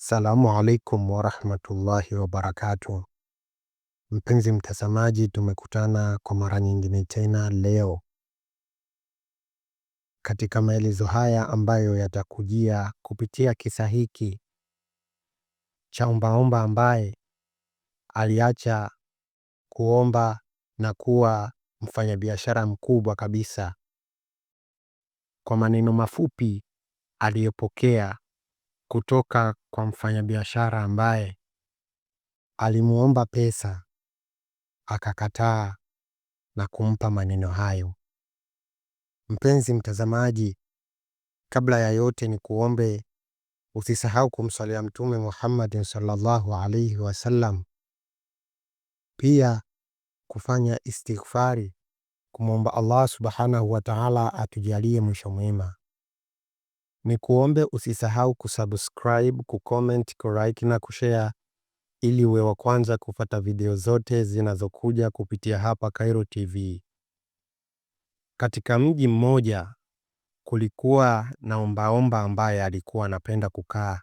Salamu alaikum warahmatullahi wabarakatu Mpenzi mtazamaji, tumekutana kwa mara nyingine tena leo katika maelezo haya ambayo yatakujia kupitia kisa hiki cha ombaomba ambaye aliacha kuomba na kuwa mfanyabiashara mkubwa kabisa, kwa maneno mafupi aliyopokea kutoka kwa mfanyabiashara ambaye alimuomba pesa akakataa na kumpa maneno hayo. Mpenzi mtazamaji, kabla ya yote ni kuombe usisahau kumswalia Mtume Muhammad sallallahu alaihi wasallam, pia kufanya istighfari kumwomba Allah subhanahu wa taala atujalie mwisho mwema ni kuombe usisahau kusubscribe, kucomment, kulike na kushare ili uwe wa kwanza kufata video zote zinazokuja kupitia hapa Khairo TV. Katika mji mmoja kulikuwa na ombaomba ambaye alikuwa anapenda kukaa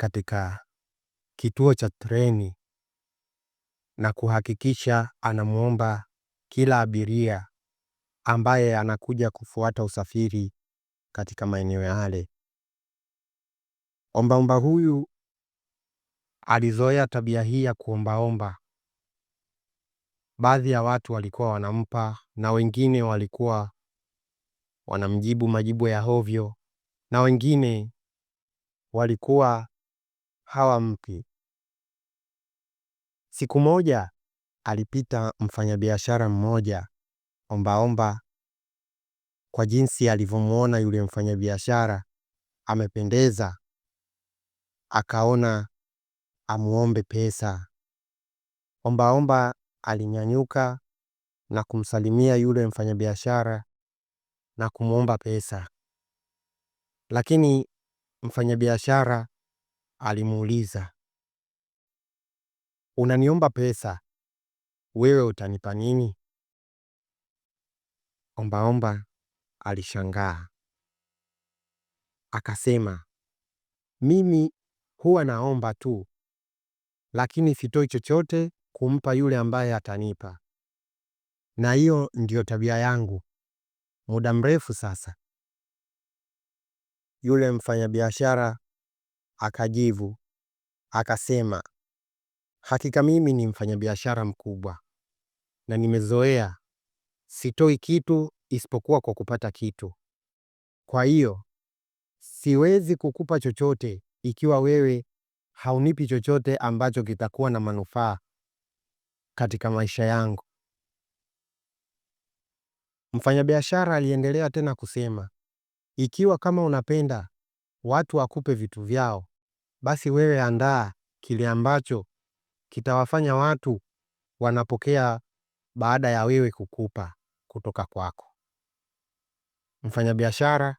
katika kituo cha treni na kuhakikisha anamwomba kila abiria ambaye anakuja kufuata usafiri katika maeneo yale. Ombaomba huyu alizoea tabia hii ya kuombaomba. Baadhi ya watu walikuwa wanampa na wengine walikuwa wanamjibu majibu ya hovyo, na wengine walikuwa hawampi. Siku moja alipita mfanyabiashara mmoja ombaomba kwa jinsi alivyomwona yule mfanyabiashara amependeza, akaona amuombe pesa. Ombaomba alinyanyuka na kumsalimia yule mfanyabiashara na kumwomba pesa, lakini mfanyabiashara alimuuliza, unaniomba pesa, wewe utanipa nini? Ombaomba alishangaa. Akasema, mimi huwa naomba tu, lakini sitoi chochote kumpa yule ambaye atanipa, na hiyo ndiyo tabia yangu muda mrefu sasa. Yule mfanyabiashara akajivu akasema, hakika mimi ni mfanyabiashara mkubwa na nimezoea, sitoi kitu isipokuwa kwa kupata kitu. Kwa hiyo siwezi kukupa chochote ikiwa wewe haunipi chochote ambacho kitakuwa na manufaa katika maisha yangu. Mfanyabiashara aliendelea tena kusema, ikiwa kama unapenda watu wakupe vitu vyao, basi wewe andaa kile ambacho kitawafanya watu wanapokea baada ya wewe kukupa kutoka kwako. Mfanyabiashara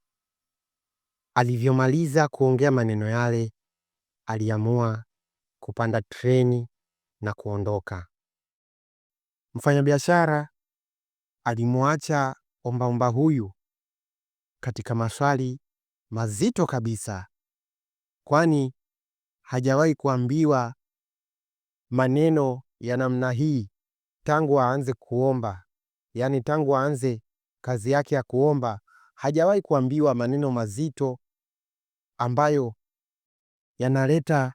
alivyomaliza kuongea maneno yale, aliamua kupanda treni na kuondoka. Mfanyabiashara alimwacha ombaomba huyu katika maswali mazito kabisa, kwani hajawahi kuambiwa maneno ya namna hii tangu aanze kuomba, yaani tangu aanze kazi yake ya kuomba hajawahi kuambiwa maneno mazito ambayo yanaleta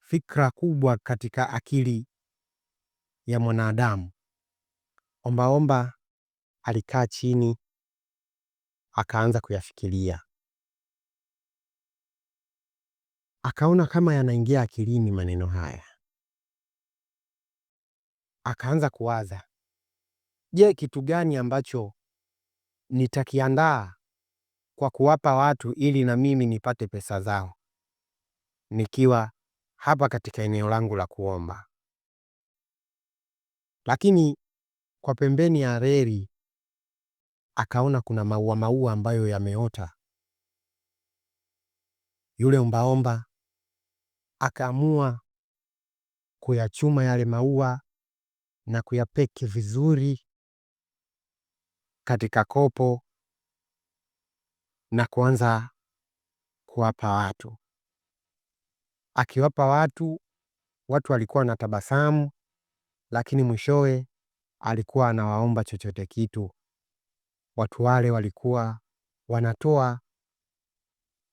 fikra kubwa katika akili ya mwanadamu. Ombaomba alikaa chini akaanza kuyafikiria, akaona kama yanaingia akilini maneno haya, akaanza kuwaza, je, kitu gani ambacho nitakiandaa kwa kuwapa watu ili na mimi nipate pesa zao nikiwa hapa katika eneo langu la kuomba. Lakini kwa pembeni ya reli akaona kuna maua maua ambayo yameota. Yule ombaomba akaamua kuyachuma yale maua na kuyapeki vizuri katika kopo na kuanza kuwapa watu. Akiwapa watu, watu walikuwa na tabasamu, lakini mwishowe alikuwa anawaomba chochote kitu. Watu wale walikuwa wanatoa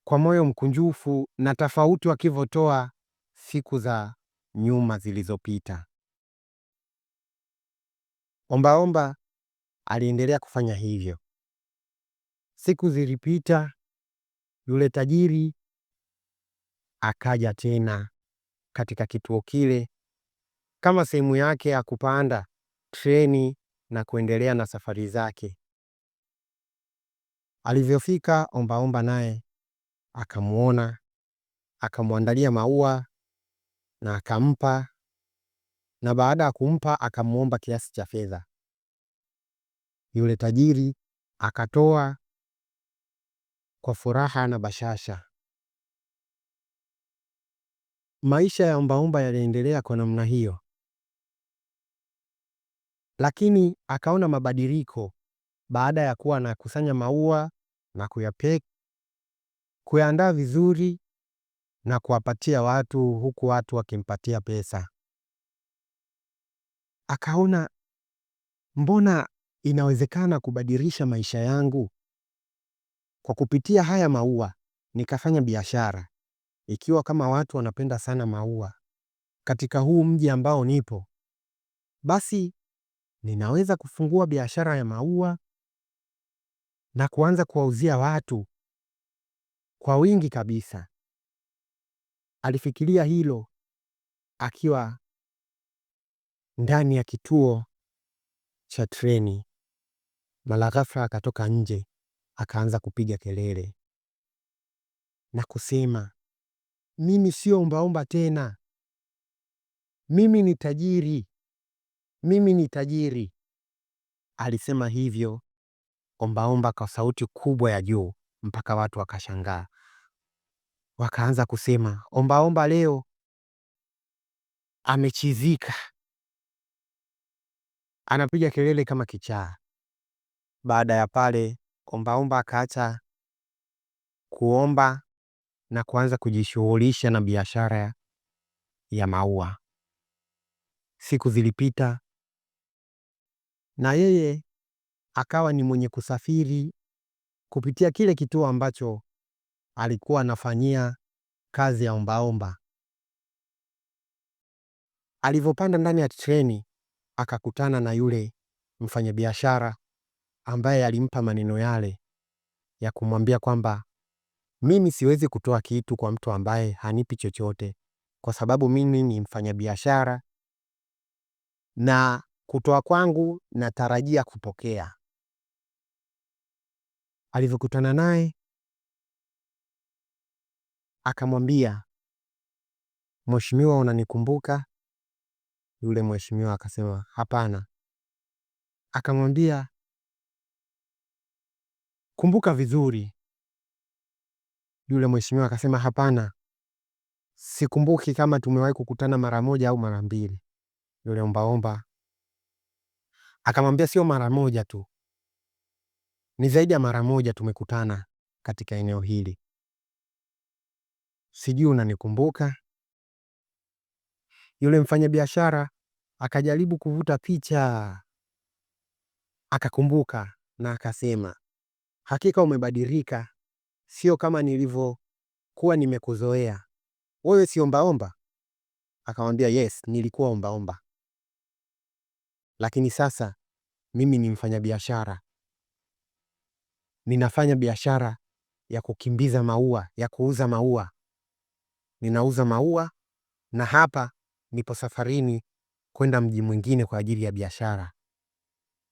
kwa moyo mkunjufu na tofauti wakivyotoa siku za nyuma zilizopita. Ombaomba aliendelea kufanya hivyo Siku zilipita, yule tajiri akaja tena katika kituo kile kama sehemu yake ya kupanda treni na kuendelea na safari zake. Alivyofika ombaomba naye akamwona, akamwandalia maua na akampa, na baada ya kumpa akamwomba kiasi cha fedha. Yule tajiri akatoa kwa furaha na bashasha. Maisha ya ombaomba yaliendelea kwa namna hiyo, lakini akaona mabadiliko baada ya kuwa anakusanya maua na kuyapeka, kuyaandaa vizuri na kuwapatia watu, huku watu wakimpatia pesa. Akaona mbona inawezekana kubadilisha maisha yangu? Kwa kupitia haya maua nikafanya biashara, ikiwa kama watu wanapenda sana maua katika huu mji ambao nipo, basi ninaweza kufungua biashara ya maua na kuanza kuwauzia watu kwa wingi kabisa. Alifikiria hilo akiwa ndani ya kituo cha treni, mara ghafla akatoka nje akaanza kupiga kelele na kusema, mimi sio ombaomba tena, mimi ni tajiri, mimi ni tajiri. Alisema hivyo ombaomba kwa sauti kubwa ya juu mpaka watu wakashangaa, wakaanza kusema, ombaomba leo amechizika, anapiga kelele kama kichaa. Baada ya pale ombaomba akaacha kuomba na kuanza kujishughulisha na biashara ya maua. Siku zilipita na yeye akawa ni mwenye kusafiri kupitia kile kituo ambacho alikuwa anafanyia kazi ya ombaomba. Alivyopanda ndani ya treni akakutana na yule mfanyabiashara ambaye alimpa maneno yale ya kumwambia kwamba mimi siwezi kutoa kitu kwa mtu ambaye hanipi chochote, kwa sababu mimi ni mfanyabiashara na kutoa kwangu natarajia kupokea. Alivyokutana naye akamwambia, Mheshimiwa, unanikumbuka? Yule mheshimiwa akasema hapana. Akamwambia, kumbuka vizuri. Yule mheshimiwa akasema hapana, sikumbuki kama tumewahi kukutana mara moja au mara mbili. Yule ombaomba akamwambia sio mara moja tu, ni zaidi ya mara moja tumekutana katika eneo hili. Sijui unanikumbuka? Yule mfanyabiashara akajaribu kuvuta picha, akakumbuka na akasema Hakika umebadilika, sio kama nilivyokuwa nimekuzoea. Wewe si ombaomba? Akamwambia, yes, nilikuwa ombaomba, lakini sasa mimi ni mfanyabiashara. Ninafanya biashara ya kukimbiza maua, ya kuuza maua. Ninauza maua, na hapa nipo safarini kwenda mji mwingine kwa ajili ya biashara,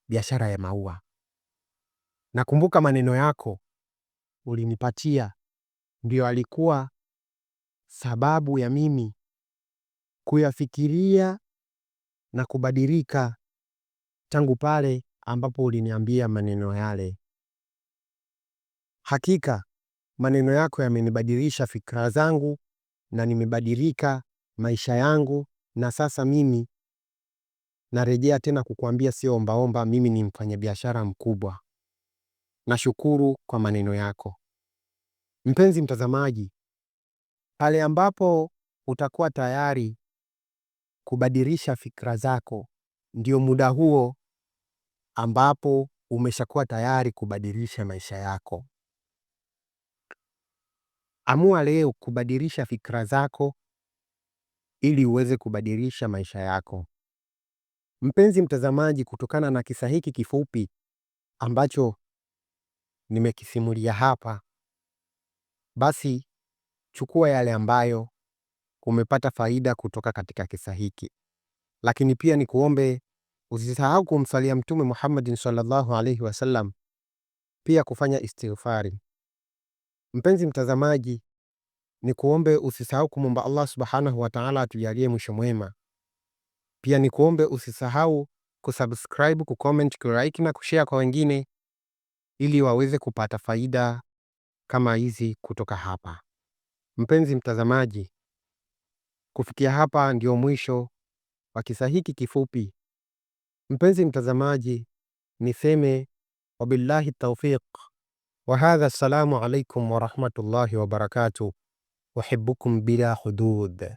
biashara ya maua. Nakumbuka maneno yako ulinipatia ndio alikuwa sababu ya mimi kuyafikiria na kubadilika tangu pale ambapo uliniambia maneno yale. Hakika maneno yako yamenibadilisha fikra zangu na nimebadilika maisha yangu, na sasa mimi narejea tena kukuambia sio ombaomba, mimi ni mfanyabiashara mkubwa na shukuru kwa maneno yako. Mpenzi mtazamaji, pale ambapo utakuwa tayari kubadilisha fikra zako, ndio muda huo ambapo umeshakuwa tayari kubadilisha maisha yako. Amua leo kubadilisha fikra zako ili uweze kubadilisha maisha yako. Mpenzi mtazamaji, kutokana na kisa hiki kifupi ambacho nimekisimulia hapa, basi chukua yale ambayo umepata faida kutoka katika kisa hiki, lakini pia ni kuombe usisahau kumsalia Mtume Muhammadin sallallahu alaihi wasallam, pia kufanya istighfari. Mpenzi mtazamaji, ni kuombe usisahau kumwomba Allah subhanahu wa ta'ala atujalie mwisho mwema. Pia ni kuombe usisahau kusubscribe, kucomment, kulike na kushare kwa wengine ili waweze kupata faida kama hizi kutoka hapa. Mpenzi mtazamaji, kufikia hapa ndio mwisho wa kisa hiki kifupi. Mpenzi mtazamaji, niseme wabillahi taufiq wa hadha. Assalamu alaikum warahmatullahi wabarakatuh, uhibbukum bila hudud.